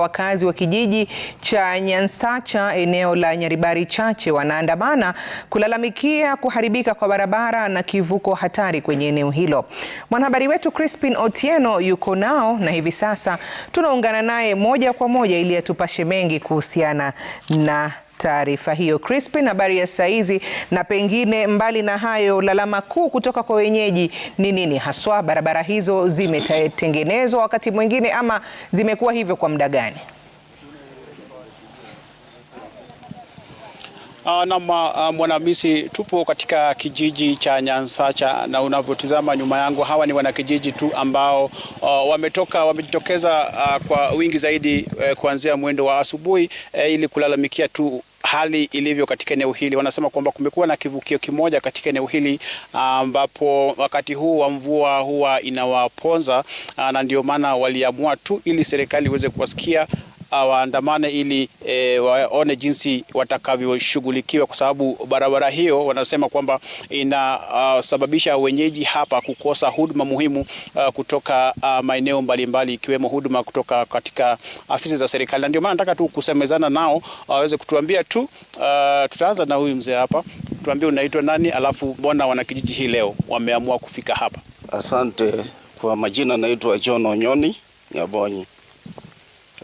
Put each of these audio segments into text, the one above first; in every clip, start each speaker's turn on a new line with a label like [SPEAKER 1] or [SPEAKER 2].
[SPEAKER 1] Wakazi wa kijiji cha Nyansacha eneo la Nyaribari Chache wanaandamana kulalamikia kuharibika kwa barabara na kivuko hatari kwenye eneo hilo. Mwanahabari wetu Crispin Otieno yuko nao na hivi sasa tunaungana naye moja kwa moja ili atupashe mengi kuhusiana na taarifa hiyo. Crispin, habari ya saizi? Na pengine mbali na hayo, lalama kuu kutoka kwa wenyeji ni nini haswa? Barabara hizo zimetengenezwa wakati mwingine ama zimekuwa hivyo kwa muda gani?
[SPEAKER 2] Uh, ah, nam uh, ah, ah, Mwanamisi, tupo katika kijiji cha Nyansacha na unavyotizama nyuma yangu, hawa ni wanakijiji tu ambao uh, wametoka wamejitokeza uh, kwa wingi zaidi uh, kuanzia mwendo wa asubuhi uh, ili kulalamikia tu hali ilivyo katika eneo hili. Wanasema kwamba kumekuwa na kivukio kimoja katika eneo hili ambapo wakati huu wa mvua huwa inawaponza, na ndio maana waliamua tu ili serikali iweze kuwasikia waandamane ili e, waone jinsi watakavyoshughulikiwa, kwa sababu barabara hiyo wanasema kwamba inasababisha ah, uh, wenyeji hapa kukosa huduma muhimu uh, kutoka uh, maeneo mbalimbali ikiwemo huduma kutoka katika afisi za serikali, na ndio maana nataka tu kusemezana nao waweze uh, kutuambia tu uh, tutaanza na huyu mzee hapa, tuambie unaitwa nani, alafu mbona wanakijiji hii leo wameamua kufika hapa?
[SPEAKER 3] Asante. Kwa majina naitwa John Onyoni Nyabonyi.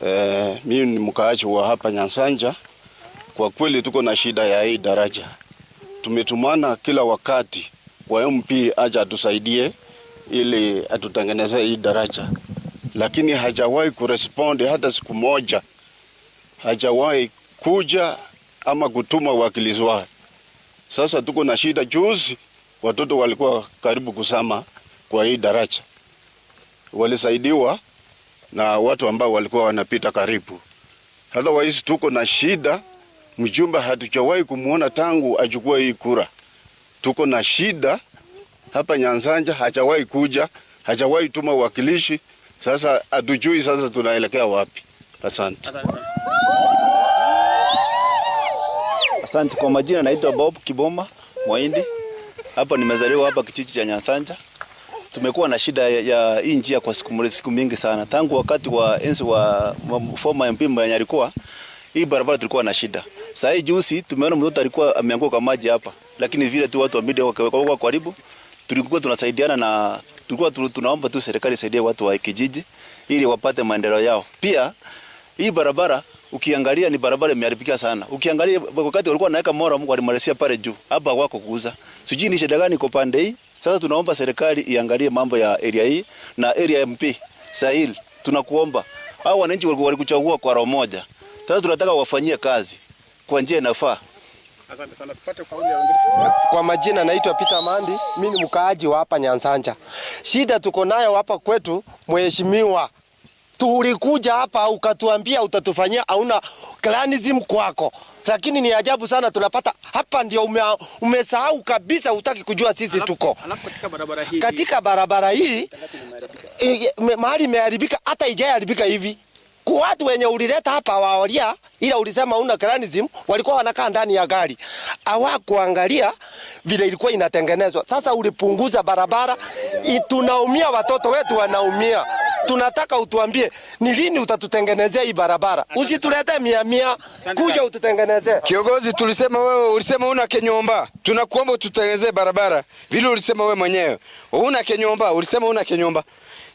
[SPEAKER 3] Eh, mimi ni mkaaji wa hapa Nyansanja. Kwa kweli tuko na shida ya hii daraja, tumetumana kila wakati kwa MP aje atusaidie ili atutengeneze hii daraja, lakini hajawahi kurespondi hata siku moja, hajawahi kuja ama kutuma wakilizi wake. Sasa tuko na shida. Juzi watoto walikuwa karibu kusama kwa hii daraja, walisaidiwa na watu ambao walikuwa wanapita karibu. Otherwise tuko na shida, mjumba hatujawahi kumwona tangu achukua hii kura. Tuko na shida hapa Nyanzanja, hajawahi kuja, hajawahi tuma uwakilishi. Sasa hatujui sasa tunaelekea wapi. Asante.
[SPEAKER 4] Asante kwa majina, naitwa Bob Kiboma mwaindi hapa nimezaliwa hapa kijiji cha Nyanzanja. Tumekuwa na shida ya hii njia kwa siku, siku mingi sana tangu wakati wa enzi wa former MP mwenye alikuwa hii barabara tulikuwa na shida. Sasa hii juzi tumeona mtoto alikuwa ameanguka kwa maji hapa, lakini vile tu watu wa media wakawekwa karibu, tulikuwa tunasaidiana na tulikuwa tunaomba tu serikali isaidie watu wa kijiji ili wapate maendeleo yao. Pia hii barabara ukiangalia ni barabara imeharibika sana. Ukiangalia wakati walikuwa naweka mora walimalizia pale juu. Hapa wako kuuza. Sijui ni shida gani kwa pande hii. Sasa tunaomba serikali iangalie mambo ya area hii na area MP Sahil, tunakuomba hao wananchi walikuchagua kwa roho moja. Sasa tunataka wafanyie kazi kwa njia inafaa. Asante sana,
[SPEAKER 5] Kwa majina naitwa Peter Mandi, mimi ni mkaaji wa hapa Nyansanja. Shida tuko nayo hapa kwetu, mheshimiwa, tulikuja hapa ukatuambia utatufanyia, hauna clanism kwako, lakini ni ajabu sana tunapata hapa. Ndio ume, umesahau kabisa, utaki kujua sisi tuko katika barabara hii, katika barabara hii mahali imeharibika, hata ijaharibika hivi watu wenye ulileta hapa waolia, ila ulisema una clanism, walikuwa wanakaa ndani ya gari, hawakuangalia vile ilikuwa inatengenezwa. Sasa ulipunguza barabara, tunaumia, watoto wetu wanaumia tunataka utuambie ni lini utatutengenezea hii barabara, usitulete mia mia kuja ututengenezee.
[SPEAKER 6] Kiongozi, tulisema wewe, ulisema una kenyomba, tunakuomba ututengenezee barabara vile ulisema wewe mwenyewe una kenyomba, ulisema una kenyomba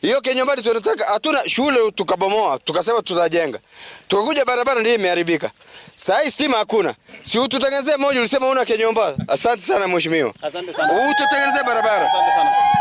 [SPEAKER 6] hiyo kenyomba tunataka, hatuna shule, tukabomoa tukasema tutajenga, tukakuja barabara ndio imeharibika. Sasa hii stima hakuna, si ututengenezee moja? Ulisema una kenyomba. Asante sana mheshimiwa, asante sana, ututengenezee barabara, asante sana.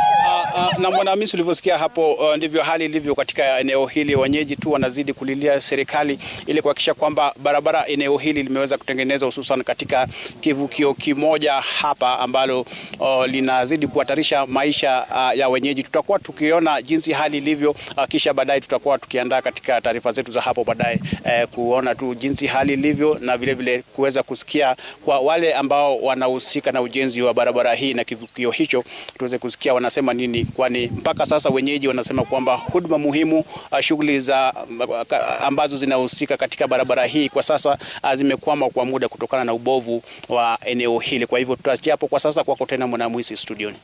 [SPEAKER 2] Uh, na mwanahamisi ulivyosikia hapo, uh, ndivyo hali ilivyo katika eneo hili. Wenyeji tu wanazidi kulilia serikali ili kuhakikisha kwamba barabara eneo hili limeweza kutengenezwa, hususan katika kivukio kimoja hapa ambalo uh, linazidi kuhatarisha maisha uh, ya wenyeji. Tutakuwa tukiona jinsi hali ilivyo, uh, kisha baadaye tutakuwa tukiandaa katika taarifa zetu za hapo baadaye, uh, kuona tu jinsi hali ilivyo na vile kuweza kusikia kwa wale ambao wanahusika na ujenzi wa barabara hii na kivukio hicho, tuweze kusikia wanasema nini kwani mpaka sasa wenyeji wanasema kwamba huduma muhimu, uh, shughuli za uh, ambazo zinahusika katika barabara hii kwa sasa uh, zimekwama kwa muda kutokana na ubovu wa eneo hili. Kwa hivyo tutachapo kwa sasa, kwako tena Mwanamwisi studioni.